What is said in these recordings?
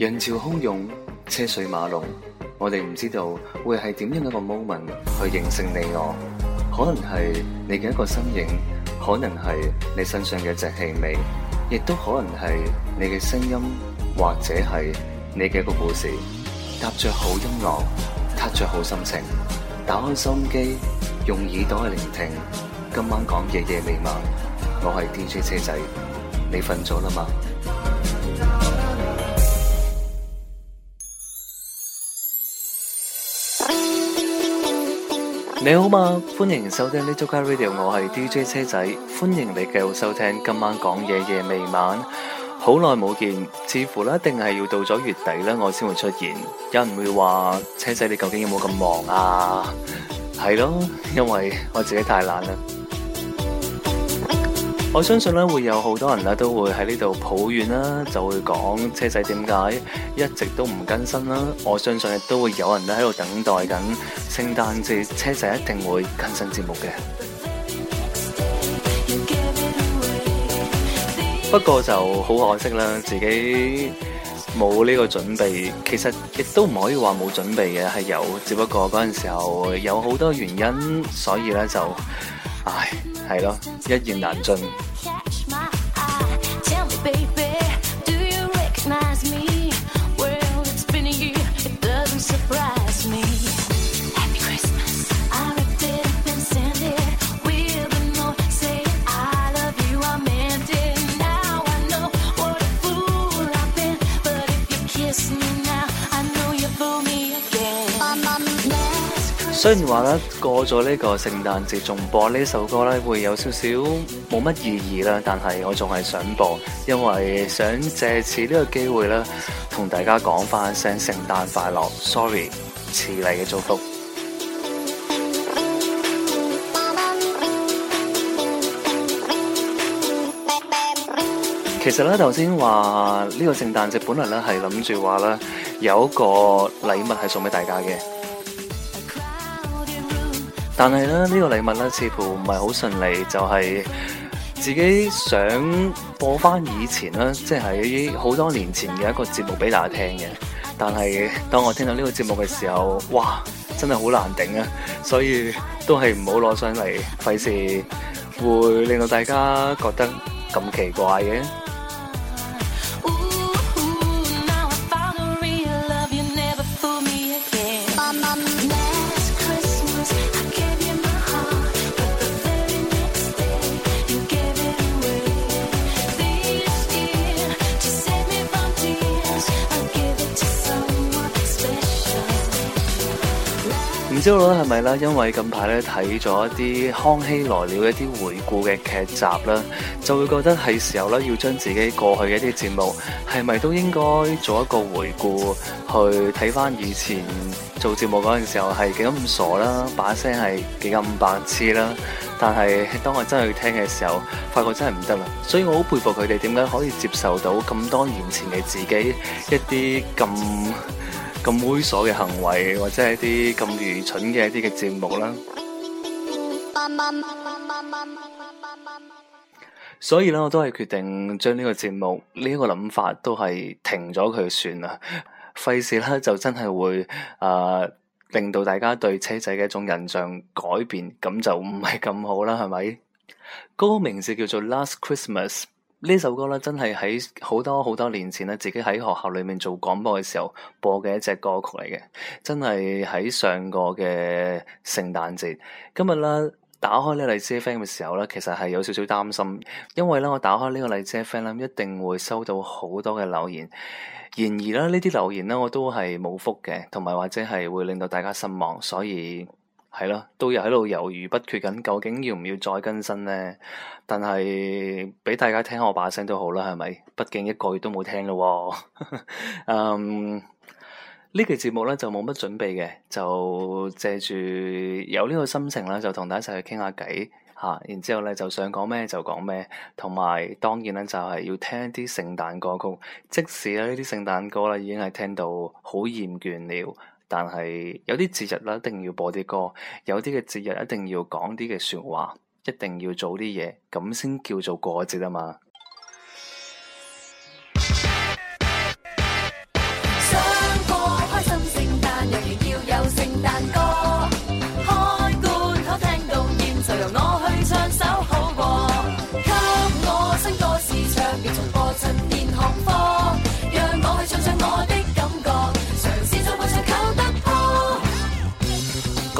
人潮洶湧，車水馬龍，我哋唔知道會係點樣一個 moment 去認識你我，可能係你嘅一個身影，可能係你身上嘅隻氣味，亦都可能係你嘅聲音，或者係你嘅一個故事。搭着好音樂，踏着好心情，打開心機，用耳朵去聆聽今晚講嘅夜，夜未晚。我係 DJ 車仔，你瞓咗啦嘛？你好嘛，歡迎收聽呢 Little Car Radio，我係 DJ 車仔，歡迎你繼續收聽今晚講嘢夜，夜未晚，好耐冇見，似乎一定係要到咗月底咧，我先會出現，有人會話車仔，你究竟有冇咁忙啊？係 咯，因為我自己太懶啦。我相信咧，會有好多人咧，都會喺呢度抱怨啦，就會講車仔點解一直都唔更新啦。我相信亦都會有人咧喺度等待緊聖誕節，車仔一定會更新節目嘅。不過就好可惜啦，自己冇呢個準備。其實亦都唔可以話冇準備嘅，係有，只不過嗰陣時候有好多原因，所以咧就。唉，係咯，一言難盡。 雖然話咧，過咗呢個聖誕節仲播呢首歌咧，會有少少冇乜意義啦，但係我仲係想播，因為想借此呢個機會咧，同大家講翻聲聖誕快樂，sorry，遲嚟嘅祝福。其實咧，頭先話呢個聖誕節本來咧，係諗住話咧，有一個禮物係送俾大家嘅。但係咧，呢、這個禮物咧、啊，似乎唔係好順利，就係、是、自己想播翻以前咧、啊，即係喺好多年前嘅一個節目俾大家聽嘅。但係當我聽到呢個節目嘅時候，哇，真係好難頂啊！所以都係唔好攞上嚟，費事會，會令到大家覺得咁奇怪嘅、啊。係咪咧？因為近排咧睇咗一啲《康熙來了》一啲回顧嘅劇集啦，就會覺得係時候咧要將自己過去嘅一啲節目，係咪都應該做一個回顧，去睇翻以前做節目嗰陣時候係幾咁傻啦，把聲係幾咁白痴啦。但係當我真係去聽嘅時候，發覺真係唔得啦。所以我好佩服佢哋點解可以接受到咁多年前嘅自己一啲咁。咁猥瑣嘅行為，或者一啲咁愚蠢嘅一啲嘅節目啦， 所以咧，我都係決定將呢個節目呢一、呢個諗法都係停咗佢算啦，費事咧就真係會誒、呃、令到大家對車仔嘅一種印象改變，咁就唔係咁好啦，係咪？歌名字叫做 Last Christmas。呢首歌咧，真係喺好多好多年前咧，自己喺學校裏面做廣播嘅時候播嘅一隻歌曲嚟嘅。真係喺上個嘅聖誕節，今日咧打開呢個荔枝 FM 嘅時候咧，其實係有少少擔心，因為咧我打開呢個荔枝 FM 咧一定會收到好多嘅留言。然而咧呢啲留言咧，我都係冇覆嘅，同埋或者係會令到大家失望，所以。係咯，都又喺度猶豫不決緊，究竟要唔要再更新呢？但係畀大家聽我把聲都好啦，係咪？畢竟一個月都冇聽咯。嗯、 um,，呢期節目咧就冇乜準備嘅，就借住有呢個心情咧，就同大家一齊去傾下偈。吓、啊。然之後咧就想講咩就講咩，同埋當然咧就係、是、要聽一啲聖誕歌曲，即使咧呢啲聖誕歌咧已經係聽到好厭倦了。但係有啲節日啦，一定要播啲歌；有啲嘅節日一定要講啲嘅說話，一定要做啲嘢，咁先叫做過節啊嘛。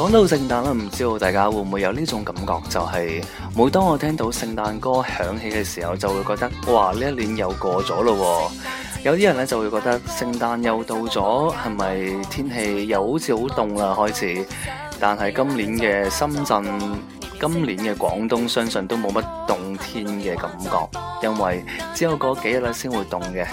講到聖誕啦，唔知道大家會唔會有呢種感覺，就係每當我聽到聖誕歌響起嘅時候，就會覺得哇，呢一年又過咗咯。有啲人咧就會覺得聖誕又到咗，係咪天氣又好似好凍啦開始？但係今年嘅深圳，今年嘅廣東，相信都冇乜凍天嘅感覺，因為只有嗰幾日咧先會凍嘅。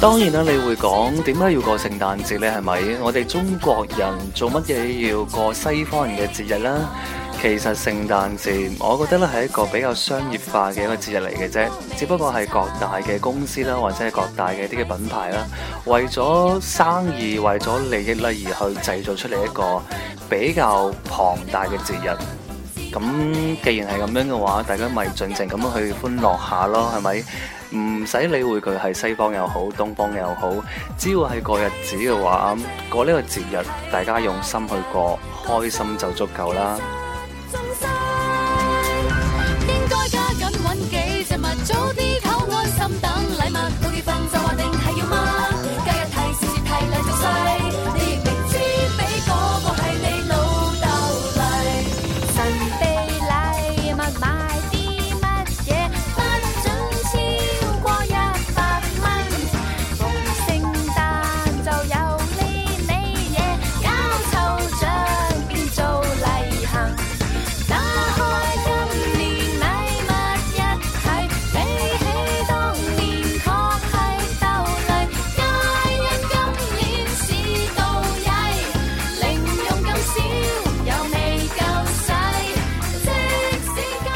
當然啦，你會講點解要過聖誕節呢？係咪？我哋中國人做乜嘢要過西方人嘅節日咧？其實聖誕節，我覺得咧係一個比較商業化嘅一個節日嚟嘅啫。只不過係各大嘅公司啦，或者係各大嘅一啲嘅品牌啦，為咗生意、為咗利益啦而去製造出嚟一個比較龐大嘅節日。咁既然係咁樣嘅話，大家咪盡情咁樣去歡樂下咯，係咪？唔使理會佢係西方又好，東方又好，只要係過日子嘅話，過呢個節日，大家用心去過，開心就足夠啦。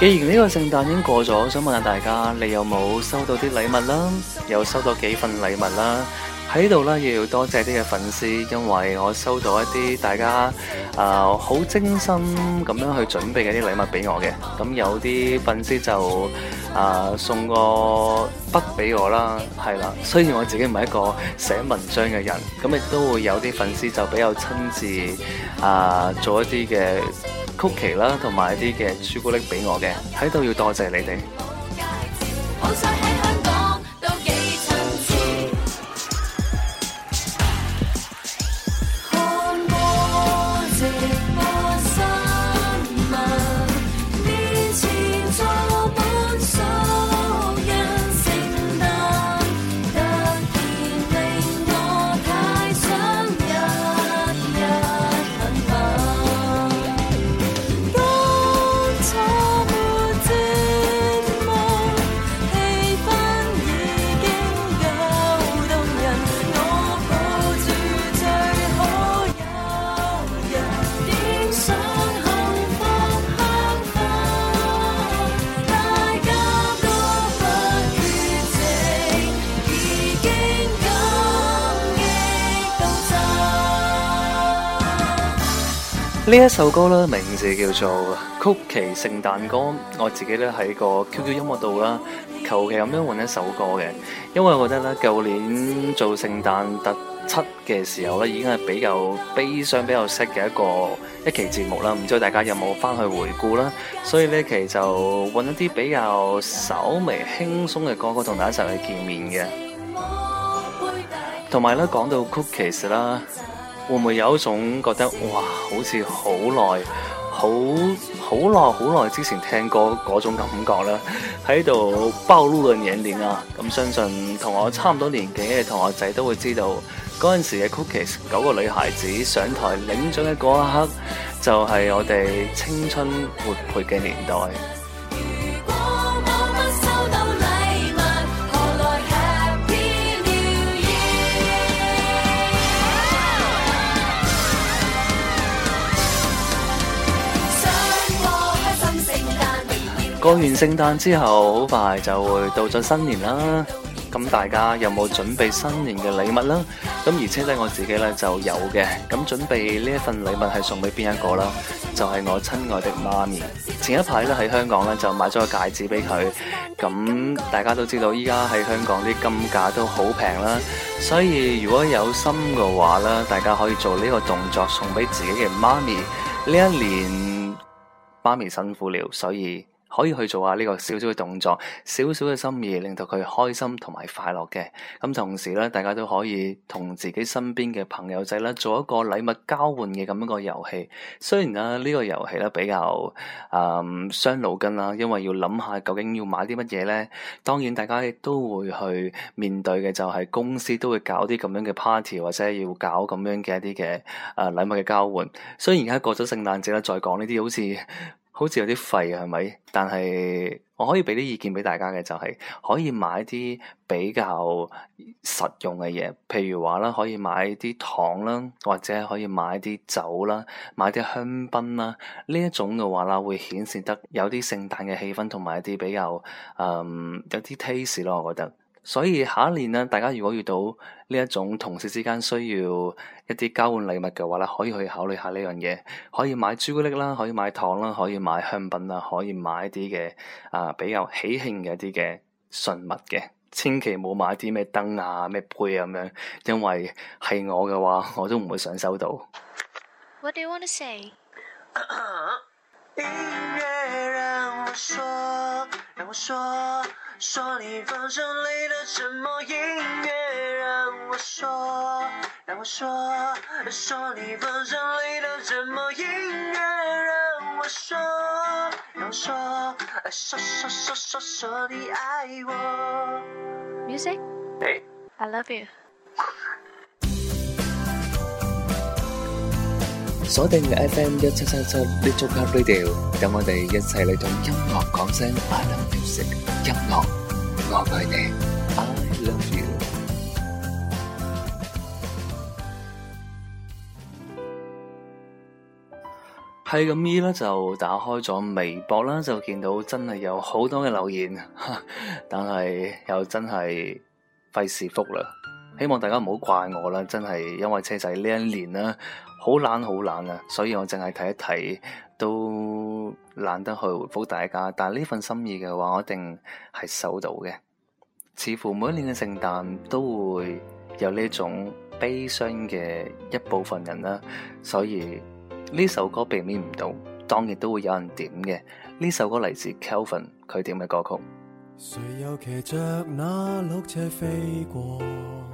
既然呢個聖誕已經過咗，我想問下大家，你有冇收到啲禮物啦？有收到幾份禮物啦？喺度啦，要多謝啲嘅粉絲，因為我收到一啲大家啊好精心咁樣去準備嘅啲禮物俾我嘅。咁有啲粉絲就啊送個筆俾我啦，係啦。雖然我自己唔係一個寫文章嘅人，咁亦都會有啲粉絲就比較親自啊做一啲嘅。曲奇啦，同埋一啲嘅朱古力俾我嘅，喺度要多謝你哋。呢一首歌咧，名字叫做《曲奇聖誕歌》，我自己咧喺個 QQ 音樂度啦，求其咁樣揾一首歌嘅，因為我覺得咧舊年做聖誕特輯嘅時候咧，已經係比較悲傷、比較息嘅一個一期節目啦。唔知道大家有冇翻去回顧啦？所以呢期就揾一啲比較稍微輕鬆嘅歌曲同大家一齊去見面嘅。同埋咧，講到曲奇啦。會唔會有一種覺得哇，好似好耐，好好耐好耐之前聽過嗰種感覺咧？喺度包羅了年年啊！咁、嗯、相信同我差唔多年紀嘅同學仔都會知道，嗰陣時嘅 Cookies 九個女孩子上台領獎嘅嗰一刻，就係、是、我哋青春活潑嘅年代。過完聖誕之後，好快就會到咗新年啦。咁大家有冇準備新年嘅禮物啦？咁而且咧，我自己咧就有嘅。咁準備呢一份禮物係送俾邊一個啦？就係我親愛的媽咪。前一排咧喺香港咧就買咗個戒指俾佢。咁大家都知道，依家喺香港啲金價都好平啦，所以如果有心嘅話咧，大家可以做呢個動作送俾自己嘅媽咪。呢一年媽咪辛苦了，所以。可以去做下呢個少少嘅動作，少少嘅心意，令到佢開心同埋快樂嘅。咁同時咧，大家都可以同自己身邊嘅朋友仔咧做一個禮物交換嘅咁樣嘅遊戲。雖然啊，這個、遊戲呢個遊戲咧比較啊傷腦筋啦，因為要諗下究竟要買啲乜嘢咧。當然，大家亦都會去面對嘅就係、是、公司都會搞啲咁樣嘅 party 或者要搞咁樣嘅一啲嘅啊禮物嘅交換。雖然而家過咗聖誕節咧，再講呢啲好似。好似有啲廢係咪？但係我可以畀啲意見畀大家嘅就係可以買啲比較實用嘅嘢，譬如話啦，可以買啲糖啦，或者可以買啲酒啦，買啲香檳啦。呢一種嘅話啦，會顯示得有啲聖誕嘅氣氛同埋一啲比較誒、嗯、有啲 taste 咯，我覺得。所以下一年咧，大家如果遇到呢一種同事之間需要一啲交換禮物嘅話呢可以去考慮下呢樣嘢，可以買朱古力啦，可以買糖啦，可以買香檳啦，可以買一啲嘅啊比較喜慶嘅一啲嘅信物嘅，千祈冇買啲咩燈啊、咩杯啊咁樣，因為係我嘅話，我都唔會想收到。What do you want to say? 音樂讓我說，讓我說，說你放聲裏的沉默。音樂，讓我，音樂讓我說，讓我說，說你放聲裏的沉默。音樂讓我說，讓我說，說說說說說你愛我。Music。Hey，I love you。鎖定嘅 FM 一七七七的獨家 radio，等我哋一齊嚟同音樂講聲 I love music，音樂我愛你，I love you。係咁依啦，就打開咗微博啦，就見到真係有好多嘅留言，但係又真係費事覆啦。希望大家唔好怪我啦，真係因為車仔呢一年啦。好懶好懶啊！所以我淨係睇一睇，都懶得去回覆大家。但係呢份心意嘅話，我一定係收到嘅。似乎每一年嘅聖誕都會有呢種悲傷嘅一部分人啦，所以呢首歌避免唔到，當然都會有人點嘅。呢首歌嚟自 Kelvin，佢點嘅歌曲。誰又騎着那綠車飛過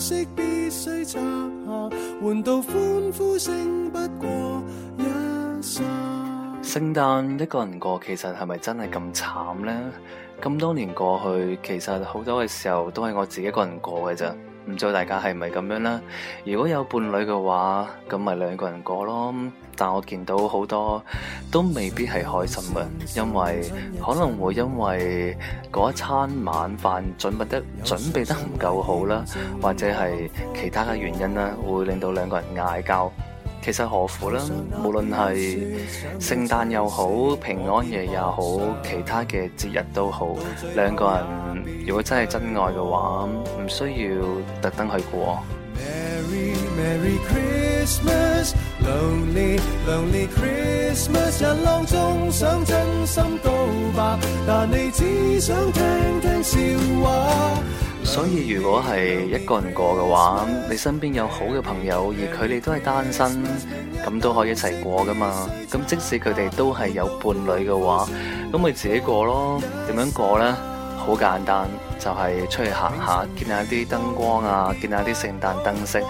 色必須拆下，到歡呼聲，聖誕一個人過，其實係咪真係咁慘呢？咁多年過去，其實好多嘅時候都係我自己一個人過嘅咋。唔知大家係咪咁樣啦？如果有伴侶嘅話，咁咪兩個人過咯。但我見到好多都未必係開心嘅，因為可能會因為嗰一餐晚飯準備得準備得唔夠好啦，或者係其他嘅原因啦，會令到兩個人嗌交。其實何苦啦？無論係聖誕又好，平安夜又好，其他嘅節日都好，兩個人。如果真係真愛嘅話，唔需要特登去過。Merry Merry Christmas，Lonely Lonely Christmas，人浪中想真心告白，但你只想聽，聽笑話。所以如果係一個人過嘅話，你身邊有好嘅朋友，而佢哋都係單身，咁都可以一齊過噶嘛。咁即使佢哋都係有伴侶嘅話，咁咪自己過咯。點樣過呢？好簡單，就係、是、出去行下，見下啲燈光啊，見下啲聖誕燈飾，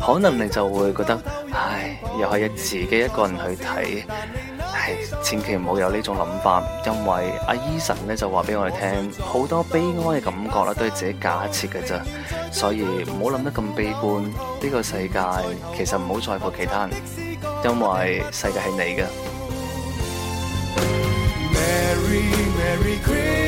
可能你就會覺得，唉，又係自己一個人去睇，唉，千祈唔好有呢種諗法，因為阿、e、Eason 咧就話俾我哋聽，好多悲哀嘅感覺啦，都係自己假設嘅啫，所以唔好諗得咁悲觀，呢、這個世界其實唔好在乎其他人，因為世界係你嘅。Mary, Mary Queen,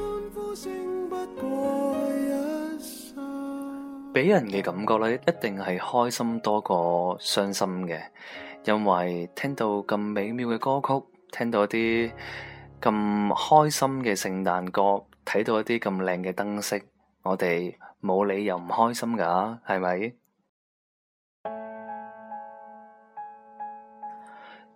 俾人嘅感覺咧，一定係開心多過傷心嘅，因為聽到咁美妙嘅歌曲，聽到啲咁開心嘅聖誕歌，睇到一啲咁靚嘅燈飾，我哋冇理由唔開心噶，係咪？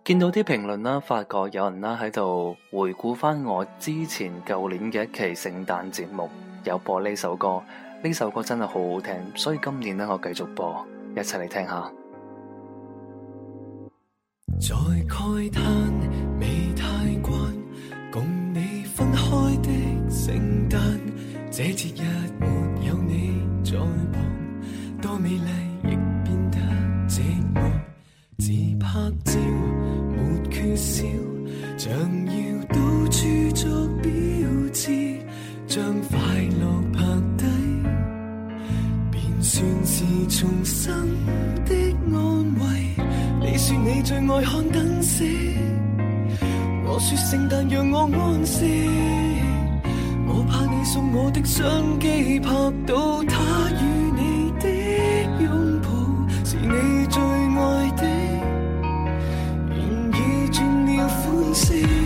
見到啲評論啦，發覺有人啦喺度回顧翻我之前舊年嘅一期聖誕節目，有播呢首歌。呢首歌真係好好聽，所以今年呢，我繼續播，一齊嚟聽下。在慨嘆未太慣，共你分開的聖誕，這節日沒有你在旁，多美麗亦變得寂寞。自拍照沒缺少，像要到處作標誌，將快樂拍。算是重生的安慰。你說你最愛看燈飾，我説聖誕讓我安息。我怕你送我的相機拍到他與你的擁抱，是你最愛的，然而轉了歡笑。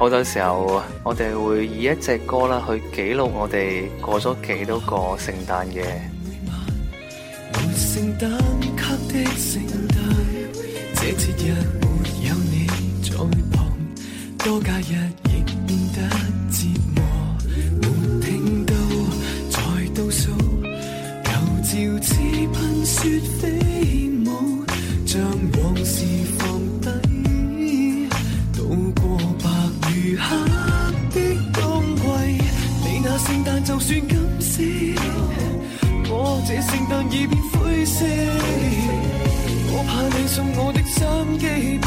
好多時候，我哋會以一隻歌啦去記錄我哋過咗幾多個聖誕嘅。轉今宵，我這聖誕已變灰色。我怕你送我的心機。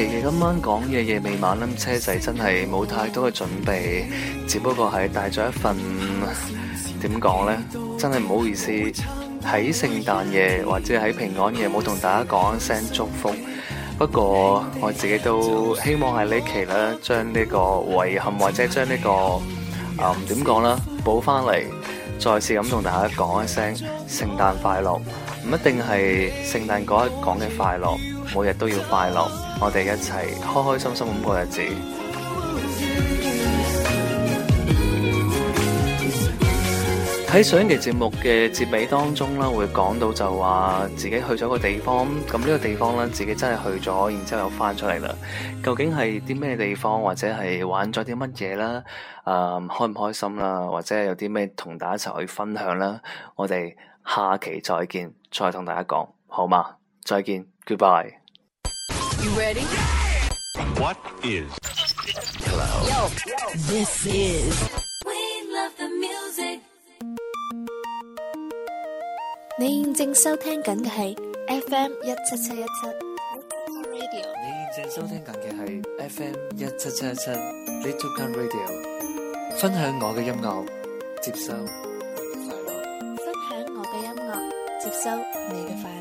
琪琪，今晚講嘢，夜未晚，噉，車仔真係冇太多嘅準備，只不過係帶咗一份點講 呢？真係唔好意思喺聖誕夜或者喺平安夜冇同大家講一聲祝福。不過我自己都希望係呢期呢，將呢個遺憾或者將、這個嗯、呢個啊點講呢補翻嚟，再次咁同大家講一聲聖誕快樂，唔一定係聖誕嗰日講嘅快樂。每日都要快樂，我哋一齊開開心心咁過日子。喺 上一期節目嘅結尾當中啦，會講到就話自己去咗個地方，咁、這、呢個地方咧自己真係去咗，然之後又翻出嚟啦。究竟係啲咩地方，或者係玩咗啲乜嘢啦？誒、嗯，開唔開心啦？或者有啲咩同大家一齊去分享啦？我哋下期再見，再同大家講，好嗎？再見，Goodbye。你正收聽緊嘅係 FM 一七七一七 Radio。你正收聽緊嘅係 FM 一七七一七。分享我嘅音樂，接收快樂。分享我嘅音樂，接收你嘅快樂。